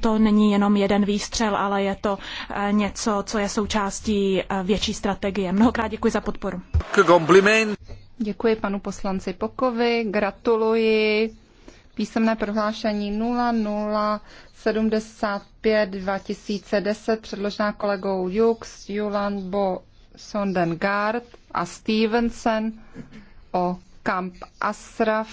to není jenom jeden výstřel, ale je to eh, něco, co je součástí eh, větší strategie. Mnohokrát děkuji za podporu. Kompliment. Děkuji panu poslanci Pokovi, gratuluji. Písemné prohlášení 0075 2010 předložená kolegou Jux, Julan Bo Sondengard a Stevenson o Camp Asraf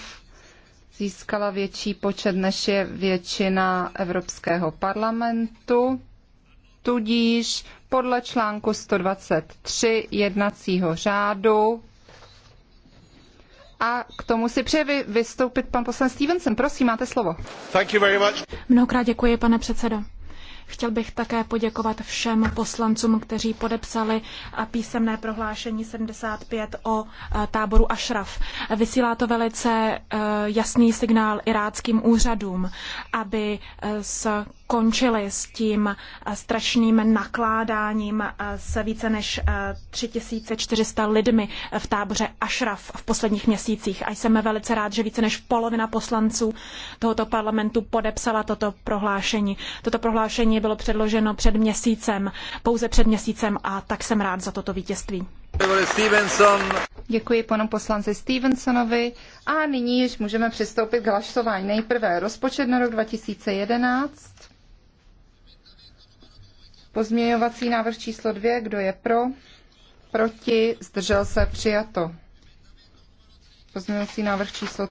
získala větší počet než je většina Evropského parlamentu. Tudíž podle článku 123 jednacího řádu a k tomu si přeje vystoupit pan poslanec Stevenson. Prosím, máte slovo. Mnohokrát děkuji, pane předsedo. Chtěl bych také poděkovat všem poslancům, kteří podepsali písemné prohlášení 75 o e, táboru Ašraf. Vysílá to velice e, jasný signál iráckým úřadům, aby e, s končili s tím eh, strašným nakládáním eh, s více než 3400 eh, lidmi v táboře Ashraf v posledních měsících. A jsem velice rád, že více než polovina poslanců tohoto parlamentu podepsala toto prohlášení. Toto prohlášení bylo předloženo před měsícem, pouze před měsícem a tak jsem rád za toto vítězství. Děkuji panu poslanci Stevensonovi a nyní již můžeme přistoupit k hlasování. Nejprve rozpočet na rok 2011. Pozměňovací návrh číslo dvě, kdo je pro? Proti? Zdržel se? Přijato. Pozměňovací návrh číslo